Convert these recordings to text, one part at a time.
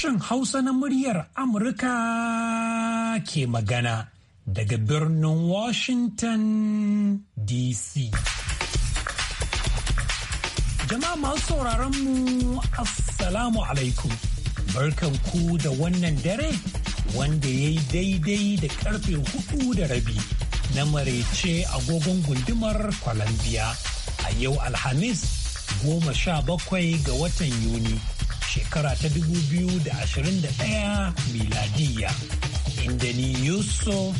Sashen Hausa na muryar Amurka ke magana daga birnin Washington DC. Jama'a masu sauraron mu Assalamu alaikum. Barkan ku da wannan dare wanda ya yi daidai da karfe hudu da rabi na marece agogon gundumar kwalambiya. a yau Alhamis goma sha bakwai ga watan Yuni. shekara ta 2021 miladiya inda ni Yusuf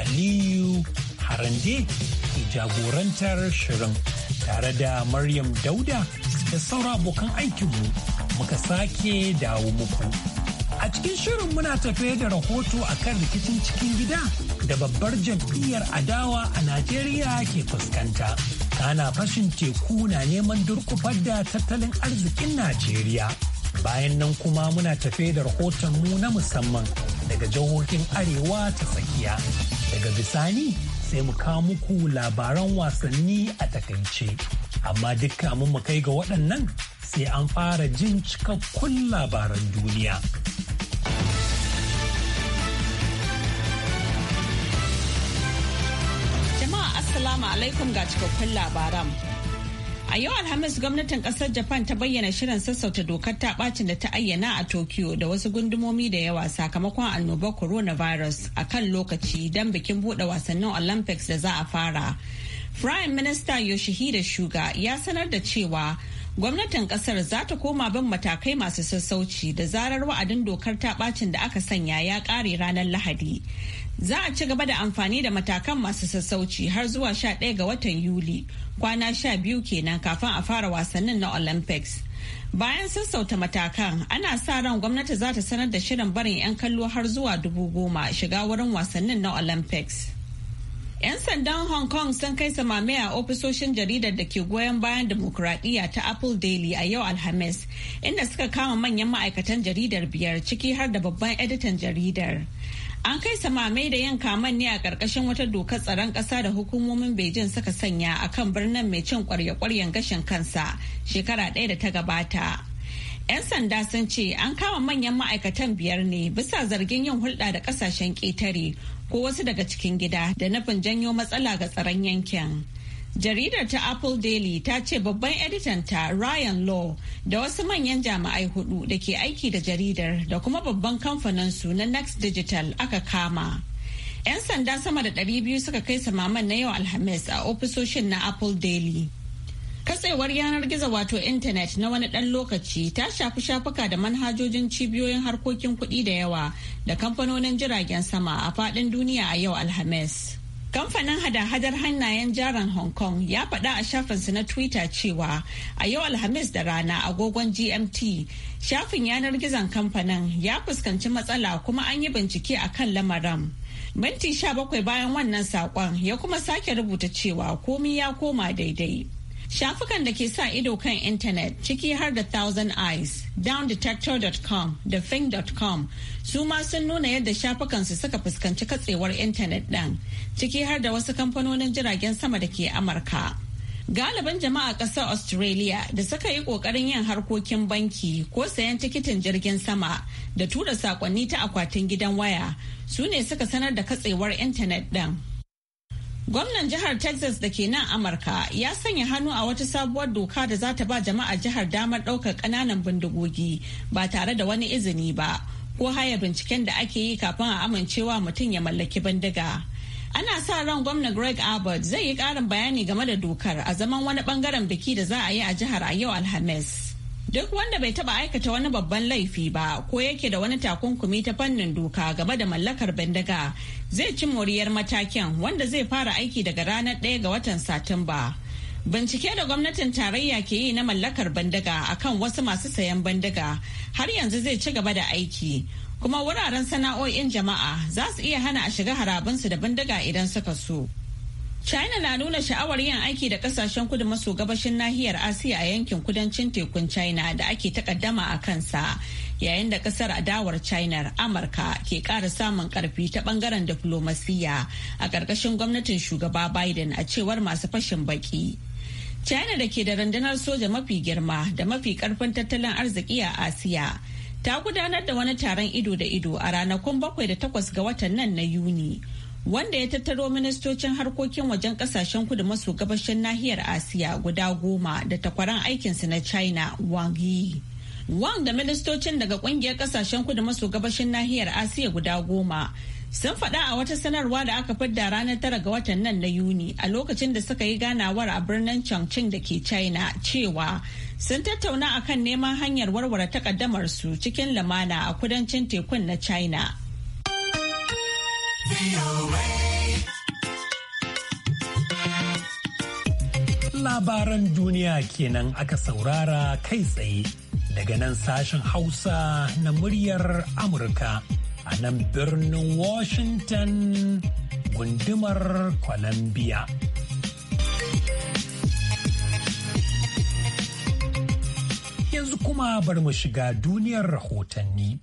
Aliyu Harande ke jagorantar shirin tare da Maryam Dauda da saura abokan aikinmu muka sake dawo muku. A cikin shirin muna tafe da rahoto a kan rikicin cikin gida da babbar jam'iyyar adawa a Najeriya ke fuskanta. Kana fashin teku na neman durkufar da tattalin arzikin Najeriya. Bayan nan kuma muna tafe da rahoton mu na musamman daga jihohin Arewa ta tsakiya. Daga bisani sai mu kawo muku labaran wasanni a takaice. Amma dukka mun mu kai ga waɗannan sai an fara jin cikakkun labaran duniya. Jama'a Assalamu alaikum ga cikakkun labaran. A yau Alhamis gwamnatin kasar Japan ta bayyana shirin sassauta dokar ta bacin da ta ayyana a Tokyo da wasu gundumomi da yawa sakamakon annobar coronavirus a kan lokaci don bikin bude wasannin Olympics da za a fara. Prime Minister Yoshihide Shuga ya sanar da cewa gwamnatin kasar za ta koma bin matakai masu sassauci da zarar wa'adin dokar ta bacin da aka sanya ya kare ranar lahadi za a ci gaba da amfani da matakan masu sassauci har zuwa 11 ga watan yuli kwana 12 kenan kafin a fara wasannin na olympics bayan sassauta matakan ana sa ran gwamnati za ta sanar da shirin barin 'yan kallo har zuwa dubu goma shiga wurin wasannin na olympics 'Yan sandan Hong Kong sun kai samame a ofisoshin jaridar da ke goyon bayan demokuraɗiyya ta Apple Daily a yau Alhamis, inda suka kama manyan ma'aikatan jaridar biyar ciki har da babban editan jaridar. An kai samame da yin kaman ne a ƙarƙashin wata dokar tsaron ƙasa da hukumomin Beijing suka sanya a kan birnin mai cin ƙwarya-ƙwaryen gashin kansa shekara ɗaya da ta gabata. 'Yan sanda sun ce an kama manyan ma'aikatan biyar ne bisa zargin yin hulɗa da ƙasashen ƙetare ko wasu daga cikin gida da nufin janyo matsala ga tsaron yankin. Jaridar ta Apple Daily ta ce babban editanta Ryan Law da wasu manyan jami'ai hudu da ke aiki da jaridar da kuma babban kamfanin su na Next Digital aka kama. 'Yan sanda sama da 200 suka kai samaman na yau Alhamis a ofisoshin na Apple Daily. Katsewar yanar gizo wato intanet na wani ɗan lokaci ta shafi shafuka da manhajojin cibiyoyin harkokin kuɗi da yawa da kamfanonin jiragen sama a faɗin duniya a yau Alhamis. Kamfanin hada-hadar hannayen jaran Hong Kong ya faɗa a shafinsa na Twitter cewa a yau Alhamis da rana agogon GMT shafin yanar gizon kamfanin ya fuskanci matsala kuma an yi bincike a kan lamarin. Minti 17 bayan wannan saƙon ya kuma sake rubuta cewa komi ya koma daidai. Shafukan da ke sa ido kan intanet ciki har da Thousand Eyes, downdetector.com da fing.com su ma sun nuna yadda shafukansu suka fuskanci katsewar intanet ɗin ciki har da wasu kamfanonin jiragen sama da ke Amurka. Galiban jama'a ƙasar Australia da suka yi ƙoƙarin yin harkokin banki ko sayan tikitin jirgin sama da tura saƙonni ta akwatin gidan waya su ne suka sanar da katsewar intanet ɗin. Gwamnan jihar Texas da ke nan Amurka ya sanya hannu a wata sabuwar doka da za ta ba jama'a jihar damar ɗaukar ƙananan bindigogi ba tare da wani izini ba ko haya binciken da ake yi kafin a amincewa mutum ya mallaki bindiga. Ana sa ran gwamnan Greg Abbott zai yi ƙarin bayani game da dokar a zaman wani ɓangaren biki da za a yi a jihar a yau Alhamis. Duk wanda bai taba aikata wani babban laifi ba ko yake da wani takunkumi ta fannin doka game da mallakar bindiga zai ci moriyar matakin wanda zai fara aiki daga ranar ɗaya ga watan Satumba. Bincike da gwamnatin tarayya ke yi na mallakar bindiga akan wasu masu sayan bindiga har yanzu zai ci gaba da aiki. Kuma wuraren sana'o'in jama'a za su iya hana a shiga harabinsu da bindiga idan suka so. China na nuna sha'awar yin aiki da kasashen kudu maso gabashin nahiyar Asiya a yankin kudancin tekun China da ake takaddama a kansa yayin da kasar adawar China Amurka ke kara samun karfi ta bangaren diflomasiya a karkashin gwamnatin shugaba Biden a cewar masu fashin baki. China da ke da rundunar soja mafi girma da mafi karfin tattalin arziki a Asiya ta gudanar da wani taron ido da ido a ranakun bakwai da takwas ga watan nan na Yuni. wanda ya tattaro ministocin harkokin wajen kasashen kudu maso gabashin nahiyar asiya guda goma da takwaran aikinsu na china wang yi wang da ministocin daga kungiyar kasashen kudu maso gabashin nahiyar asiya guda goma sun faɗa a wata sanarwa da aka fidda ranar tara ga watan nan na yuni a lokacin da suka yi ganawar a birnin changchun da ke china cewa sun tattauna akan neman hanyar warware su cikin lamana a kudancin tekun na china Labaran duniya kenan aka saurara kai tsaye daga nan sashen Hausa na muryar Amurka a nan birnin Washington gundumar Columbia. Yanzu kuma bar mu shiga duniyar rahotanni.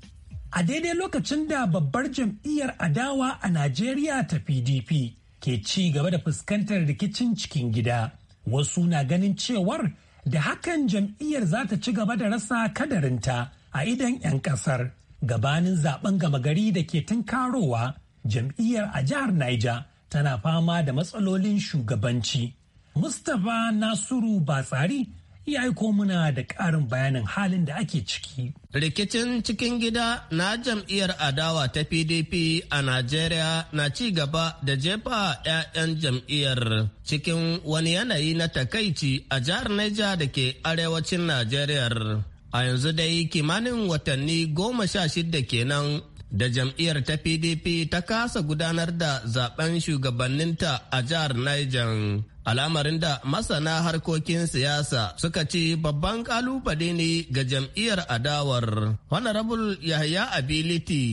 a daidai lokacin da babbar jam'iyyar adawa a Najeriya ta PDP ke ci gaba da fuskantar rikicin cikin gida. Wasu na ganin cewar da hakan jam'iyyar za ta ci gaba da rasa kadarinta a idan 'yan kasar. Gabanin zaben gama gari da ke tunkarowa jam'iyyar a jihar Niger tana fama da matsalolin shugabanci. Mustapha Nasiru Batsari ya aiko muna da ƙarin bayanin halin da ake ciki. Rikicin cikin gida na jam'iyyar adawa ta PDP a Najeriya na ci gaba da jefa 'ya'yan jam'iyyar cikin wani yanayi na takaici a jihar Naija da ke arewacin Najeriya. A yanzu dai kimanin watanni goma sha shida kenan da jam'iyyar ta PDP ta kasa gudanar da zaben shugabanninta a jihar Niger. al'amarin da masana harkokin siyasa suka ce babban kalubale ne ga jam'iyyar adawar honorable yahya ability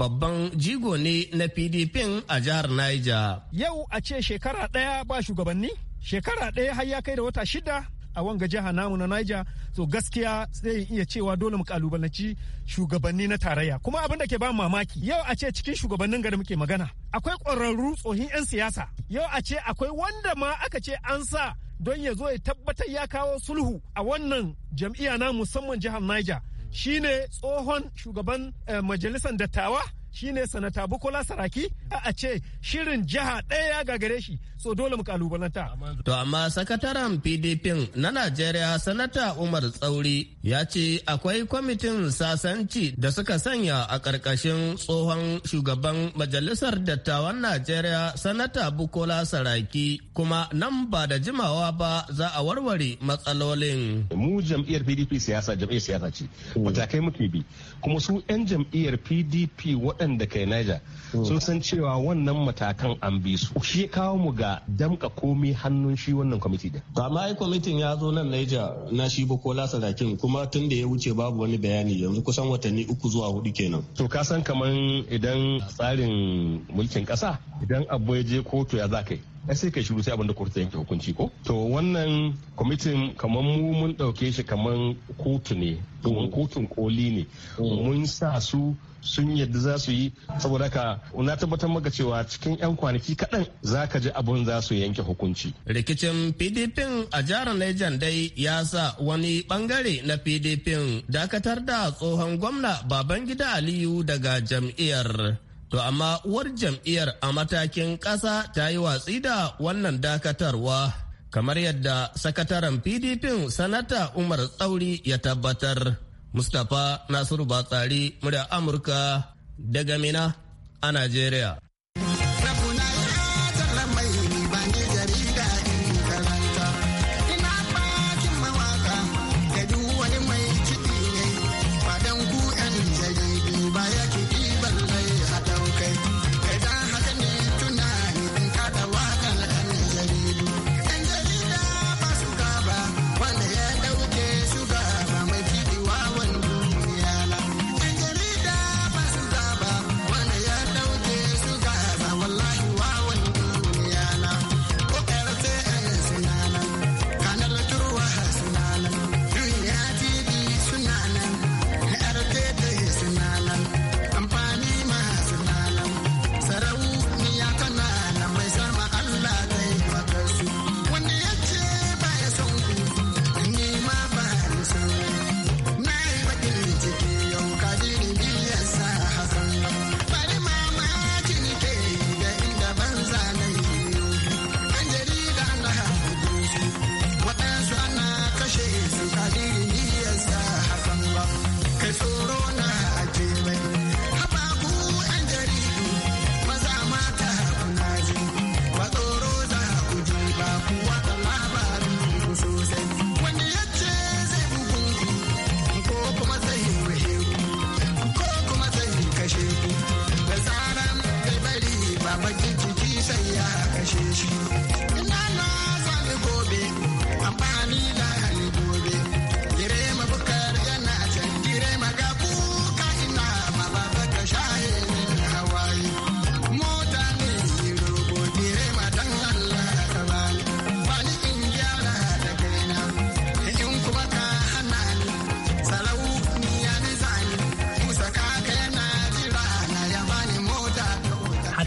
babban jigo ne na pdp a jihar niger yau a ce shekara ɗaya ba shugabanni shekara ɗaya har ya kai da wata shida a wanga jiha namu na Niger so gaskiya sai iya cewa dole mu kalubalanci shugabanni na tarayya kuma abin da ke ba mamaki yau a ce cikin shugabannin gari muke magana akwai ƙwararru tsohin 'yan siyasa yau a ce akwai wanda ma aka ce an sa don ya zo ya tabbatar ya kawo sulhu a wannan jam'iyya na musamman jihar Niger shine tsohon shugaban eh, majalisar dattawa shine sanata bukola saraki a ce shirin jiha ɗaya ya gagare shi so dole mu kalubalanta. to amma sakataren pdp na najeriya sanata umar tsauri ya ce akwai kwamitin sasanci da suka sanya a ƙarƙashin tsohon shugaban majalisar dattawan najeriya sanata bukola saraki kuma nan ba da jimawa ba za a warware matsalolin mu jam'iyyar pdp siyasa jam'iyyar siyasa ce matakai muke bi kuma su 'yan jam'iyyar pdp waɗanda da kai naija hmm. sun san cewa wannan matakan an bi su shi kawo mu ga damka komai hannun shi wannan kwamiti da to amma ai kwamitin ya zo nan naija na shi bukola sadakin kuma tun da ya wuce babu wani bayani yanzu kusan watanni uku zuwa hudu kenan to ka san kaman idan tsarin mulkin kasa idan abu ya je kotu ya za kai ai sai kai shiru sai abin da kurta yanke hukunci ko to wannan kwamitin kamar mu mun dauke shi kamar kotu ne domin mm. kotun koli ne mm. mun sa su sun yadda za su yi saboda ka na tabbatar maka cewa cikin 'yan kwanaki kaɗan za ka ji abun za su yanke hukunci. Rikicin PDP a jihar Niger dai ya sa wani bangare na PDP dakatar da tsohon gwamna Babangida Aliyu daga jam'iyyar. To amma uwar jam'iyyar a matakin ƙasa ta yi watsi da wannan dakatarwa kamar yadda sakataren PDP sanata Umar Tsauri ya tabbatar. Mustapha Nasiru Batsari murya Amurka daga Mina a Najeriya.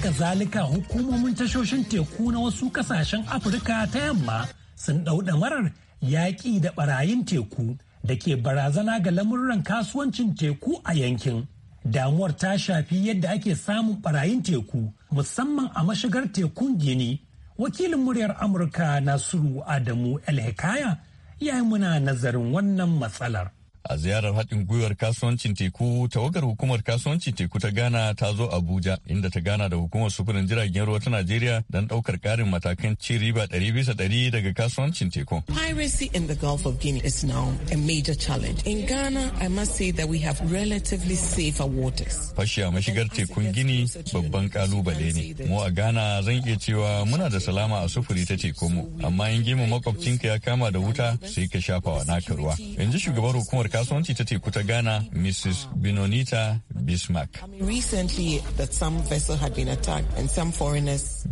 Haka zalika hukumomin tashoshin teku na wasu kasashen Afirka ta yamma sun ɗau ɗamarar yaƙi da ɓarayin teku da ke barazana ga lamurran kasuwancin teku a yankin. Damuwar ta shafi yadda ake samun ɓarayin teku musamman a mashigar tekun Gini. Wakilin muryar Amurka Nasiru Adamu El Hikaya ya yi muna nazarin wannan matsalar. a ziyarar haɗin gwiwar kasuwancin teku tawagar hukumar kasuwancin teku ta ghana ta zo abuja inda ta gana da hukumar sufurin jiragen ruwa ta najeriya don ɗaukar ƙarin matakan cin riba ɗari bisa ɗari daga kasuwancin teku. piracy in the gulf of guinea is now a major challenge in ghana i must say that we have relatively safer waters. fashi a mashigar tekun gini babban ƙalubale ne mu a ghana zan iya cewa muna da salama a sufuri ta tekunmu. amma in gemu makwabcinka ya kama da wuta sai ka shafa wa naka ruwa Yanzu shugaban hukumar kasuwanci ta teku ta Ghana, Mrs. Binonita Bismarck.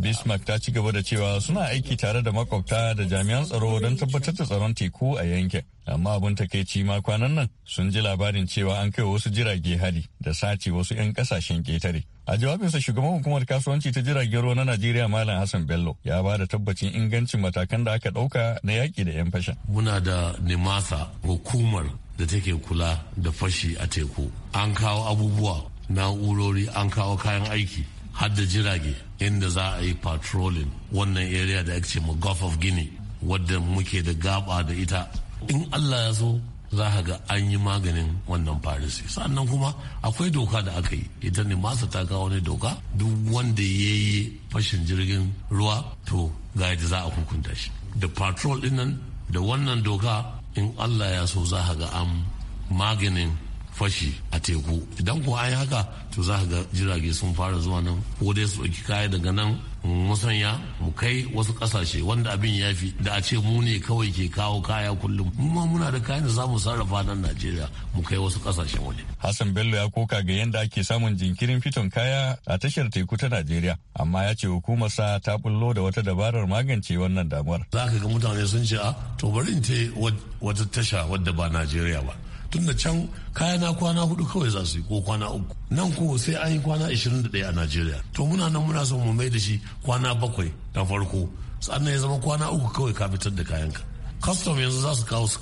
Bismarck ta ci gaba da cewa suna aiki tare da makwabta da jami'an tsaro don tabbatar da tsaron teku a yankin. Amma abin takaici ma kwanan nan sun ji labarin cewa an kai wasu jirage hari da sace wasu 'yan kasashen ketare. A jawabinsa shugaban hukumar kasuwanci ta jiragen ruwa na Najeriya Malam Hassan Bello ya ba da tabbacin ingancin matakan da aka ɗauka na yaƙi da 'yan fashin. Muna da nimasa hukumar da take kula da fashi a teku an kawo abubuwa na'urori an kawo kayan aiki har da jirage inda za a yi patrolling wannan area da ake ce ma gulf of guinea wadda muke da gaba da ita in allah ya so za ka ga an yi maganin wannan faris. sannan kuma akwai doka da aka yi ita ne masa ta kawo ne doka duk wanda ya yi fashin jirgin ruwa to ga yadda za a hukunta shi da patrol nan da wannan doka in allah ya so za ga an maganin fashi a teku idan kuwa an haka to za ga jirage sun fara zuwa nan ko dai su ɗauki kaya daga nan musanya mu kai wasu ƙasashe wanda abin ya fi da a ce mu ne kawai ke kawo kaya kullum mu ma muna da kayan da za mu sarrafa nan najeriya mu kai wasu ƙasashen waje. hassan bello ya koka ga yadda ake samun jinkirin fiton kaya a tashar teku ta najeriya amma ya ce hukumar sa ta bullo da wata dabarar magance wannan damuwar. za ka ga mutane sun ce a ah, to bari in wata tasha wadda ba najeriya ba tun da can kayana kwana hudu kawai za su yi ko kwana uku nan ko sai an yi kwana 21 a najeriya to muna nan muna son mu mai da shi kwana bakwai na farko sannan ya zama kwana uku kawai ka fitar da kayanka custom yanzu za su kawo su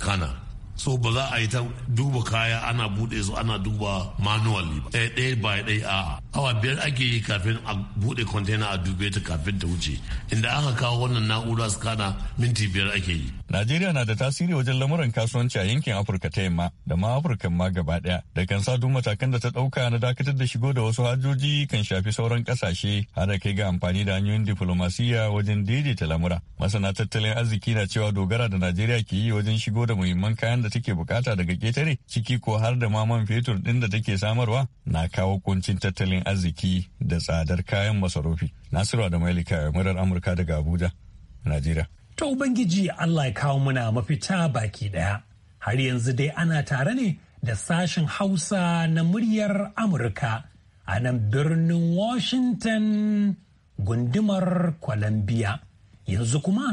so ba za a yi ta duba kaya ana bude su ana duba manually ba eh, ɗaya ɗaya ba ɗaya a awa biyar ake yi kafin a bude container a dube ta kafin ta wuce inda aka kawo wannan na'ura kana minti biyar ake yi Najeriya na da tasiri wajen lamuran kasuwanci a yankin Afirka ta yamma da ma Afirka ma gaba ɗaya da kan sa duk matakan da ta ɗauka na dakatar da shigo da wasu hajoji kan shafi sauran ƙasashe har da kai ga amfani da hanyoyin diflomasiyya wajen daidaita lamura masana tattalin arziki na cewa dogara da Najeriya ke yi wajen shigo da muhimman kayan da da take bukata daga ketare ciki ko har da ma man fetur ɗin da take samarwa na kawo kuncin tattalin arziki da tsadar kayan masarufi. Nasiru da Mailika murar Amurka daga Abuja, Najeriya. Ta Ubangiji Allah ya kawo muna mafita baki ɗaya. Har yanzu dai ana tare ne da sashen Hausa na muryar Amurka a nan birnin Washington gundumar Columbia. Yanzu kuma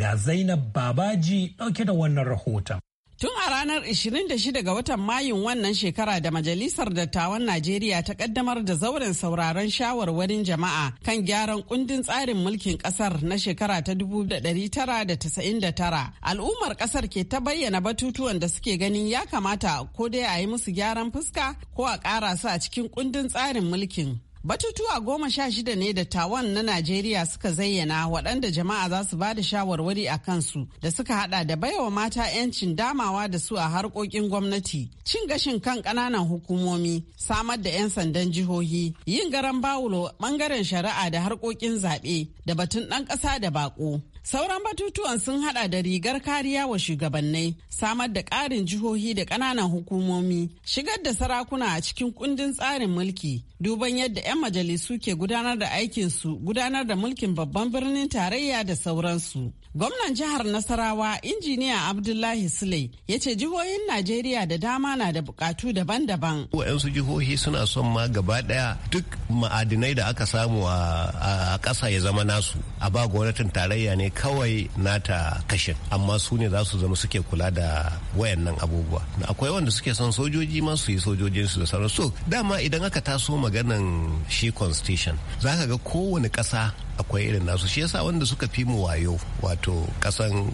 ga Zainab Babaji ɗauke da wannan rahoton. Tun a ranar 26 ga watan Mayun wannan shekara da Majalisar Dattawan Najeriya ta kaddamar da zauren sauraron shawarwarin jama'a kan gyaran kundin tsarin mulkin kasar na shekara ta 1999. Al'ummar kasar ke ta bayyana batutuwan da suke ganin ya kamata ko dai a yi musu gyaran fuska ko a ƙara su a cikin kundin tsarin mulkin. Batutuwa goma sha shida ne da tawan na Najeriya suka zayyana waɗanda jama'a za su ba da shawarwari a kansu da suka hada da baiwa mata 'yancin damawa da su a harkokin gwamnati, cin gashin kan ƙananan hukumomi, samar da 'yan sandan jihohi, yin garan bawulo ɓangaren shari'a da harkokin zaɓe da batun ɗan ƙasa da baƙo. Sauran batutuwan sun hada da rigar kariya wa shugabannai, samar da ƙarin jihohi da ƙananan hukumomi, shigar da sarakuna a cikin kundin tsarin mulki, duban yadda 'yan majalisu ke gudanar da aikinsu, gudanar da mulkin babban birnin tarayya da sauransu. Gwamnan jihar Nasarawa, injiniya Abdullahi Sule, ya ce jihohin Najeriya da dama na da bukatu daban-daban. wayansu jihohi suna son ma gaba ɗaya duk ma'adinai da aka samu a ƙasa ya zama nasu, a ba gwamnatin tarayya ne kawai nata kashin amma su ne za su zama suke kula da wayannan abubuwa akwai wanda suke son sojoji ma su yi sojojinsu da sauran so dama idan aka taso maganan shi constitution za ka ga kowane kasa. akwai irin nasu shi yasa wanda suka fi mu wayo wato kasan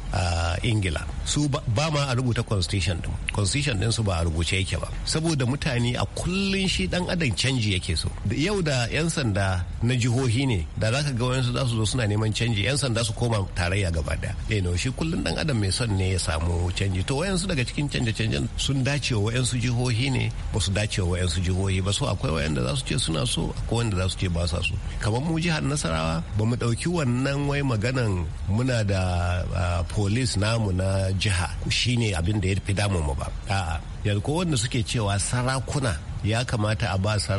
ingila su ba ma a rubuta constitution din constitution din su ba a rubuce yake ba saboda mutane a kullun shi dan adam canji yake so yau da yan sanda na jihohi ne da zaka ga wayansu za su zo suna neman canji yan sanda su koma tarayya gaba daya eh shi kullun dan adam mai son ne ya samu canji to wayansu daga cikin canje canjen sun dace wa wayansu jihohi ne ba su dace wa wayansu jihohi ba so akwai wayanda za su ce suna so akwai wanda za su ce ba sa so kamar mu jihar nasarawa ba mu ɗauki wannan wai maganan muna da polis namu na jiha shi ne abin da ya fi damu mu ba a'a yanzu ko wanda suke cewa sarakuna ya kamata a ba sa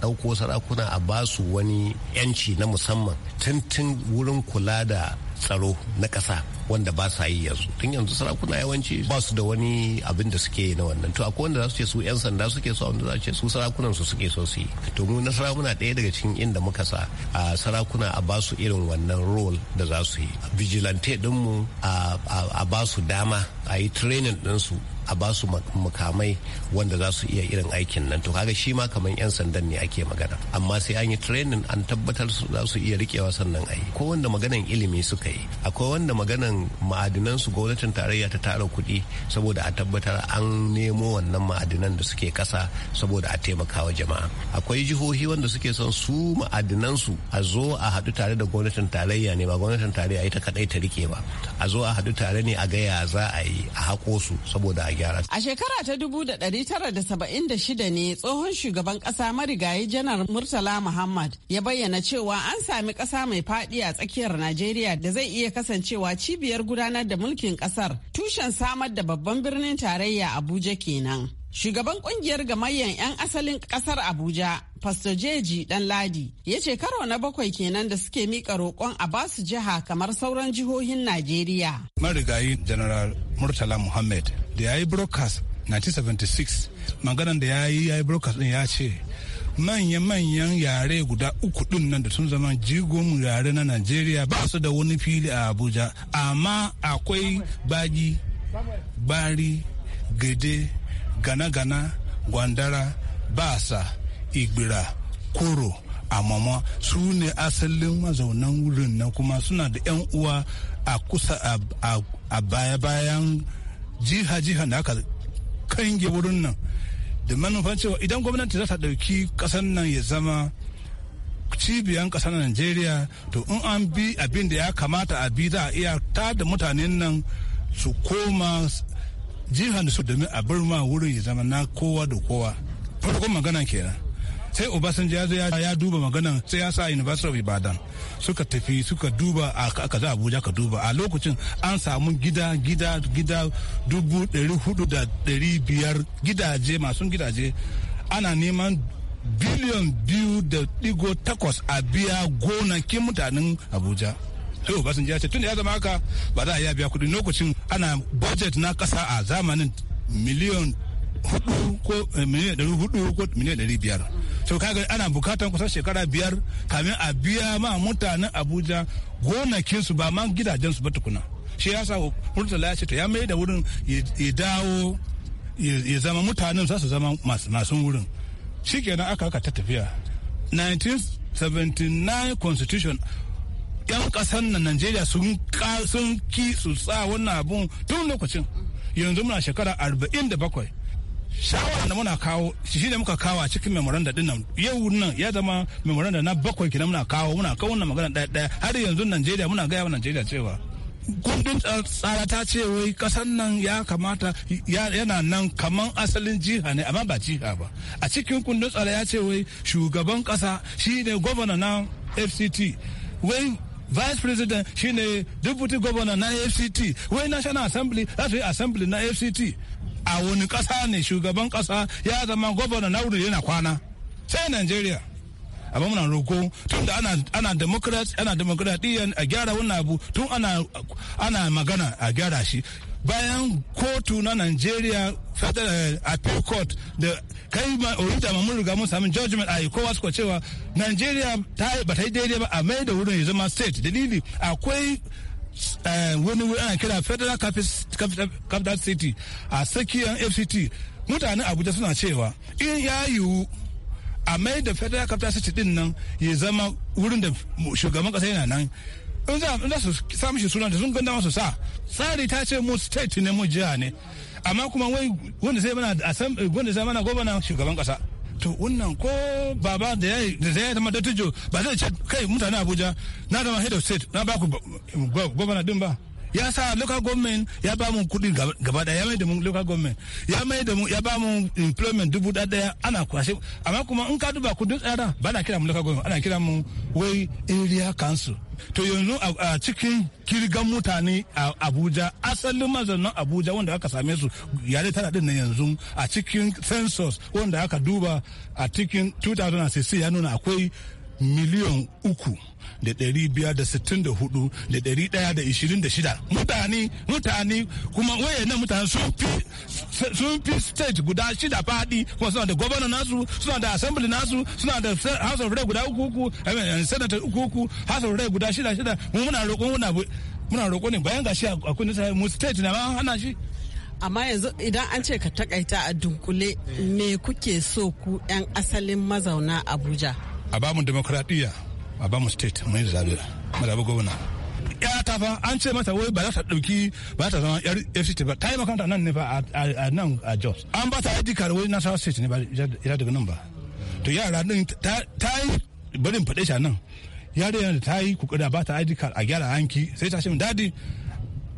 ɗauko sarakuna a ba su wani yanci na musamman tuntun wurin kula da tsaro na ƙasa wanda ba sa yi yanzu tun yanzu sarakuna yawanci ba su da wani abin da suke na wannan to akwai wanda za su ce su yan sanda suke so wanda za su ce su sarakunan su suke so su yi to mu na sarakuna ɗaya daga cikin inda muka sa a sarakuna a ba su irin wannan role da za su yi vigilante ɗinmu a ba su dama a yi training su. a ba su mukamai wanda za su iya irin aikin nan to kaga shi ma kamar yan sandan ne ake magana amma sai an yi training an tabbatar su za su iya rikewa sannan ayi ko wanda maganan ilimi suka yi akwai wanda maganan ma'adinan su gwamnatin tarayya ta tara kuɗi saboda a tabbatar an nemo wannan ma'adinan da suke kasa saboda a taimakawa jama'a akwai jihohi wanda suke son su ma'adinan su a zo a haɗu tare da gwamnatin tarayya ne ba gwamnatin tarayya ita kaɗai ta rike ba a zo a haɗu tare ne a ga ya za a yi a haƙo su saboda a gyara. A shekara ta dubu da tara da saba'in da shida ne tsohon shugaban kasa marigayi janar Murtala Muhammad ya bayyana cewa an sami kasa mai faɗi a tsakiyar Najeriya da zai iya kasancewa cibiyar gudanar da mulkin kasar tushen samar da babban birnin tarayya Abuja kenan. Shugaban kungiyar gamayyar 'yan asalin kasar Abuja, Pastor Jeji Dan Ladi, ya ce karo na bakwai kenan da suke mika roƙon a basu jiha kamar sauran jihohin Najeriya. Marigayi General Murtala Muhammad da ya yi broadcast 1976, maganan da ya yi ya yi broadcast ɗin ya ce, manya-manyan yare guda uku din nan da sun zama jigon yare na Najeriya ba su da wani fili a Abuja amma akwai bagi bari gade gana-gana gwandara basa igbira koro amama su ne asalin mazaunan wurin na kuma suna da 'yan uwa a kusa a baya-bayan jiha-jiha da aka kange wurin nan da manufan cewa idan gwamnati za ta ɗauki kasan nan ya zama cibiyan ƙasar najeriya to in an bi abin da ya kamata a bi za a iya ta da mutanen nan su koma jihar su domin a bar ma wurin ya zama na kowa da kowa farkon magana kenan sai obasanjo ya zo ya duba magana sai ya sa university of ibadan suka tafi suka duba a kaza abuja ka duba a lokacin an samu gida gida gida dubu ɗari hudu da ɗari biyar gidaje masu gidaje ana neman biliyan biyu da digo takwas a biya gonakin mutanen abuja to ba sun ce tun da ya zama haka ba za a iya biya kudi lokacin ana budget na kasa a zamanin miliyan hudu eh, ko miliyan dari hudu ko miliyan dari biyar so kaga ana bukatan kusan shekara biyar kamin a biya ma mutanen abuja gonakinsu ba ma gidajensu ba tukuna shi ya sa murtala ya ce to ya mai da wurin ya dawo ya zama mutanen za su zama masu wurin shi kenan aka aka ta tafiya 1979 constitution 'yan kasar na Najeriya sun sun ki su sa wannan abun tun lokacin yanzu muna shekara arba'in da bakwai shawara da muna kawo shi ne muka kawo a cikin memoranda din nan yau nan ya zama memoranda na bakwai kina muna kawo muna kawo wannan magana ɗaya ɗaya har yanzu Najeriya muna gaya wa Najeriya cewa kundin tsara ta ce wai kasan nan ya kamata yana nan kaman asalin jiha ne amma ba jiha ba a cikin kundin tsara ya ce wai shugaban kasa shi ne gwamna na fct wai vice president shine deputy governor na fct wai national assembly zasu yi assembly na fct a wani kasa ne shugaban kasa ya zama gwamna na wuri yana kwana sai nigeria abin muna roko tun da ana democrat ana democrat a gyara wannan abu tun ana magana a gyara shi bayan kotu na Nigeria federal eh, appeal court da kai ma orita ma mun riga mun samu judgment a kowa suka cewa Nigeria ta ba ta yi daidai ba a mai da wurin ya zama state dalili akwai eh, wani wuri ana kira federal capital city a tsakiyar fct mutanen abuja suna cewa in ya yiwu a mai da federal capital city din nan ya zama wurin da shugaban kasa yana nan in za su sa mishi sunan sun gandama su sa tsari ta ce mu state ne mu jiha ne amma kuma wai wanda sai mana wanda sai mana shugaban kasa to wannan ko baba da ya da ya zama dattijo ba zai ce kai mutane Abuja na zama head of state na ba ku din ba ya sa local government ya ba mu kudi gaba daya ya mai da mu local government ya mai da mu ya ba mu employment dubu daya ana kwashe amma kuma in ka duba kudin tsara ba na kira mu local government ana kira mu wai area council to yanzu a cikin kirgan mutane a abuja asalin mazaunan abuja wanda aka same su yare tana din nan yanzu a cikin census wanda aka duba a cikin 2016 ya nuna akwai miliyan uku da ɗari biyar da sittin da hudu da ɗari ɗaya da ishirin da shida mutane mutane kuma waye na mutane sun fi sun fi state guda shida faɗi kuma suna da gwamna nasu suna da assembly nasu suna da house of rai guda uku uku eh, senator uku uku house of rai guda shida shida mu muna roƙon muna muna roƙo ne bayan gashi akwai nisa mu stage na ma hana shi amma yanzu idan an ce ka takaita a dunkule me kuke so ku 'yan asalin mazauna abuja a bamu demokradiyya a bamu state mai zabe mu zabi gwamna ya ta fa an ce mata wai ba za ta dauki ba ta zama yar FCT ba ta yi makaranta nan ne ba a nan a Jos an ba ta ID card wai na State ne ba ya daga nan ba to yara din ta yi barin faɗe shi a nan yare yana ta yi kokari ba ta ID card a gyara hanki sai ta ce min dadi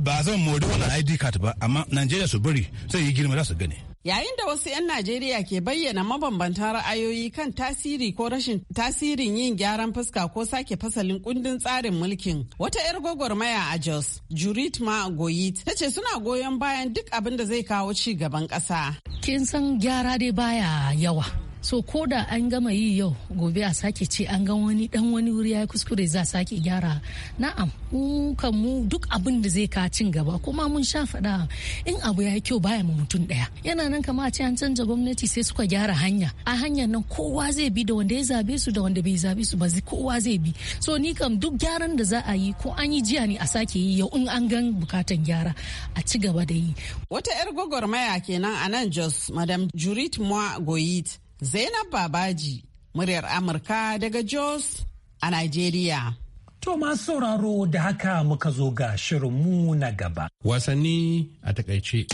ba zan mori wannan ID card ba amma Najeriya su bari sai yi girma za su gane Yayin da wasu 'yan Najeriya ke bayyana mabambantan ra'ayoyi kan tasiri ko rashin tasirin yin gyaran fuska ko sake fasalin kundin tsarin mulkin, wata 'yar gwagwarmaya a Jos, Jurit Ma Goyit, ta ce suna goyon bayan duk abin da zai kawo ci gaban ƙasa. Kin san gyara dai baya yawa. so ko da an gama yi yau gobe a sake ce an ga wani dan wani wuri ya kuskure za sake gyara na'am kuka mu duk abin da zai ka cin gaba kuma mun sha faɗa in abu ya yi kyau baya mu mutum ɗaya yana nan kama a ce an canza gwamnati sai suka gyara hanya a hanyar nan kowa zai bi da wanda ya zabe su da wanda bai zabe su ba kowa zai bi so ni kam duk gyaran da za a yi ko an yi jiya ne a sake yi yau in an gan bukatan gyara a ci gaba da yi wata yar gwagwarmaya kenan a nan jos madam jurit moa goyit Zainab Babaji, muryar Amurka daga Jos a Najeriya. To sauraro da haka muka zo ga shirinmu na gaba. Wasanni a takaice.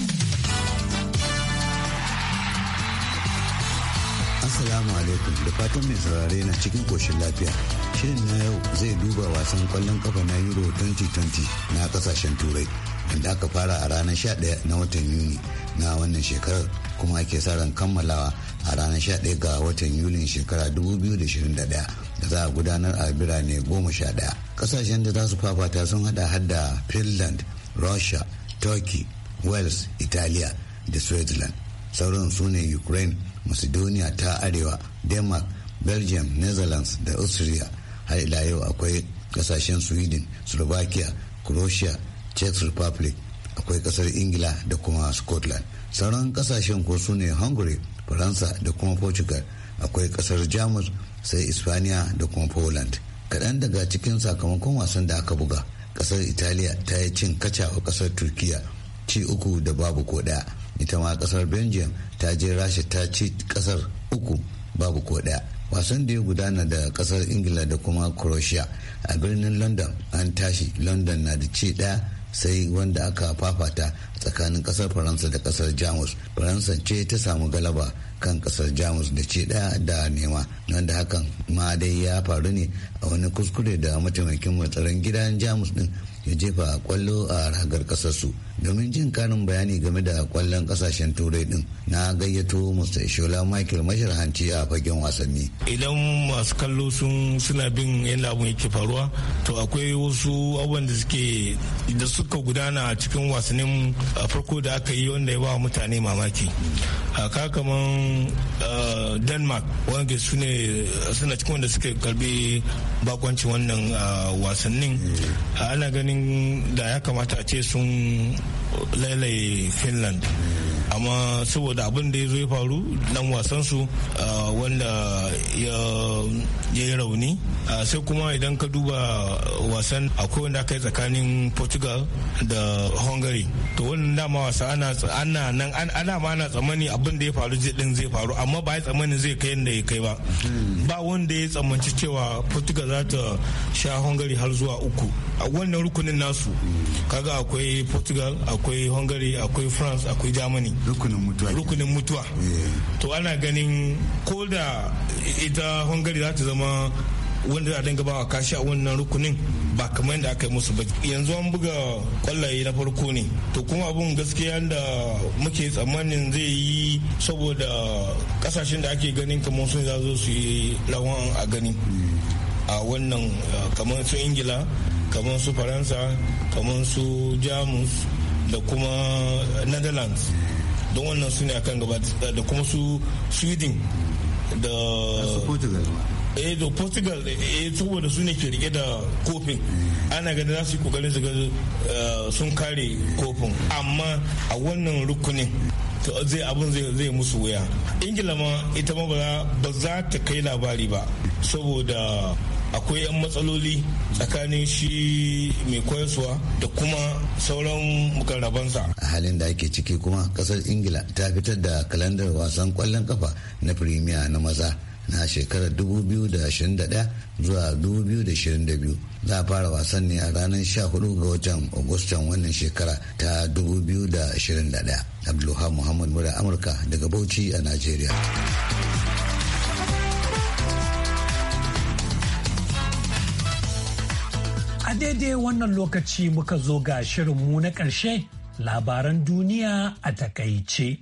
Assalamu alaikum da fatan mai saurare na cikin koshin lafiya. Shirin na yau zai duba wasan kwallon kafa na Euro 2020 na kasashen Turai, wanda aka fara a ranar 11 na watan Yuni na wannan shekarar kuma ake sa ran kammalawa a ranar 11 ga watan Yulin shekara 2021 da za a gudanar a birane 11. Kasashen da za su fafata sun hada hada Finland, Russia, Turkey, Wales, Italiya da Switzerland. Sauran su ne Ukraine, Macedonia ta Arewa, Denmark, Belgium, Netherlands da Austria. har ila yau akwai kasashen sweden slovakia croatia czech republic akwai kasar ingila da kuma scotland sauran kasashen ko su ne hungary faransa da kuma portugal akwai kasar jamus sai ispaniya da kuma poland kaɗan daga cikin sakamakon wasan da aka buga kasar italiya ta yi cin kaca a kasar turkiya ci uku da babu ko ɗaya ita ma kasar belgium ta je rasha ta ci kasar uku babu ko ɗaya wasan da ya gudana da kasar ingila da kuma croatia a birnin london an tashi london na da ce daya sai wanda aka fafata tsakanin kasar faransa da kasar jamus faransa ce ta samu galaba kan kasar jamus da ce daya da nema wanda hakan ma dai ya faru ne a wani kuskure da mataimakin tsaron gidan jamus din ya jefa a kwallo a ragar kasarsu domin jin karin bayani game da kwallon kasashen turai din na gayyato musta shola michael mashirhanci a fagen wasanni idan masu kallo sun suna bin yadda abun yake faruwa to akwai wasu abubuwan da suke da suka gudana a cikin wasannin farko da aka yi wanda ya ba mutane mamaki a kakaman denmark wanda su ne suna cikin wanda suka karbi bakoncin wannan wasannin mm. ana ganin ganin da ya kamata a ce sun lailaye finland amma saboda abin da ya zo ya faru nan wasan su wanda ya yi rauni sai kuma idan ka duba wasan akwai wanda aka yi tsakanin portugal da hungary to wannan dama wasa ana nan ana ma ana tsammani abin da ya faru din zai faru amma ba ya tsammani zai kai yadda ya kai ba ba wanda ya tsammanci cewa portugal za ta sha hungary har zuwa uku a wannan rukunin nasu kaga akwai portugal akwai hungary akwai france akwai germany rukunin mutuwa eh. to ana ganin ko da ita hungary za ta zama wanda a dinga ba wa kashi a wannan rukunin ba kamar yadda aka yi musu ba yanzu an buga kwallaye na farko ne to kuma abun gaskiya da muke tsammanin zai yi saboda kasashen da ake ganin kamar sun za su yi rawan a gani a wannan kamar su ingila kamar su faransa kamar su jamus da kuma netherlands don wannan su ne akan gaba da kuma su sweden da eh da portugal eh saboda su ne ke rike da kofin ana ganin za su yi kokarin su ga eh, sun kare kofin amma a wannan rukunin zai abin zai musu wuya ingila ma ita ma ba za ta kai labari ba saboda akwai 'yan matsaloli tsakanin shi mai koyarwa da kuma sauran mukarrabansa a halin da ake ciki kuma kasar ingila ta fitar da kalandar wasan kwallon kafa na firimiya na maza na shekarar 2021 zuwa 2022 za a fara wasan ne a ranar 14 ga watan agustan wannan shekara ta 2021 abdulluha muhammad mura amurka daga bauchi a nigeria daidai wannan lokaci muka zo ga shirinmu na ƙarshe labaran duniya a takaice.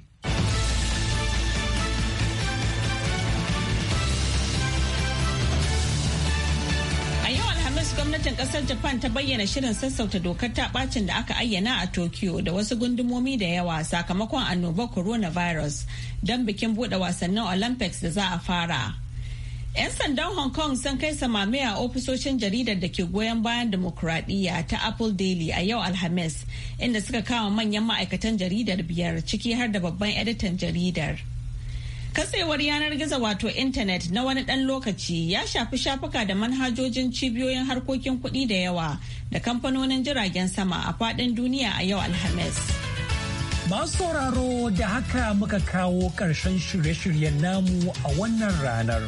A yau Alhamis gwamnatin ƙasar Japan ta bayyana shirin sassauta dokar ta bacin da aka ayyana a Tokyo da wasu gundumomi da yawa sakamakon annobar coronavirus don bikin buɗe wasannin Olympics da za a fara. 'Yan sandan Hong Kong sun kai samame a ofisoshin jaridar da ke goyon bayan demokuraɗiyya ta Apple Daily a yau Alhamis, inda suka kama manyan ma'aikatan jaridar biyar ciki har da babban editan jaridar. Katsewar yanar gizo wato intanet na wani ɗan lokaci ya shafi shafuka da manhajojin cibiyoyin harkokin kuɗi da yawa da kamfanonin jiragen sama a faɗin duniya a yau Alhamis. Masu sauraro da haka muka kawo ƙarshen shirye-shiryen namu a wannan ranar.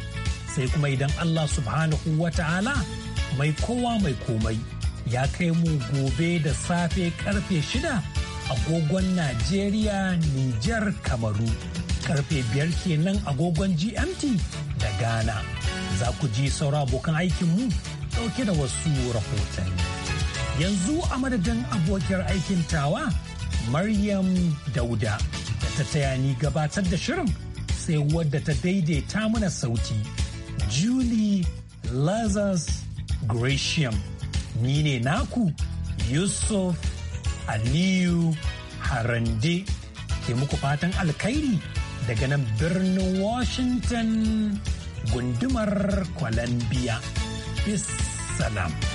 sai kuma idan Allah subhanahu wa ta'ala mai kowa mai komai ya kai mu gobe da safe karfe shida agogon Najeriya, Nijar, Kamaru. Karfe biyar kenan agogon GMT da Ghana. Za ku ji saura abokan aikinmu ɗauke da wasu rahotanni. Yanzu a madadin abokiyar aikin tawa, Maryam Dauda, da ta taya ni gabatar da shirin sai wadda ta daidaita mana sauti. Julie Lazarus Gratiam. Ni ne naku Yusuf Aliyu Harande ke muku fatan alkhairi daga nan birnin Washington gundumar Columbia. Peace salam.